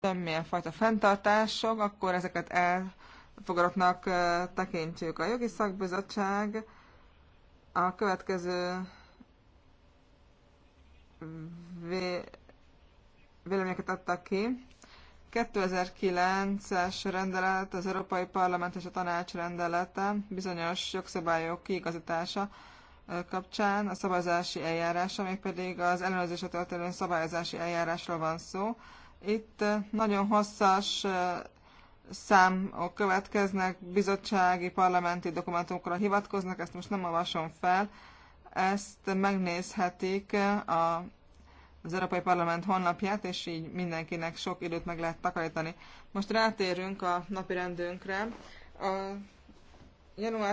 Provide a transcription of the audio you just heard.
semmilyen fajta fenntartások, akkor ezeket elfogadottnak tekintjük. A jogi szakbizottság a következő véleményeket adtak ki. 2009-es rendelet, az Európai Parlament és a Tanács rendelete bizonyos jogszabályok kiigazítása kapcsán a szabályzási eljárása, pedig az ellenőrzésre történő szabályozási eljárásról van szó. Itt eh, nagyon hosszas eh, számok következnek, bizottsági, parlamenti dokumentumokra hivatkoznak, ezt most nem olvasom fel, ezt megnézhetik eh, a, az Európai Parlament honlapját, és így mindenkinek sok időt meg lehet takarítani. Most rátérünk a napi rendünkre. A január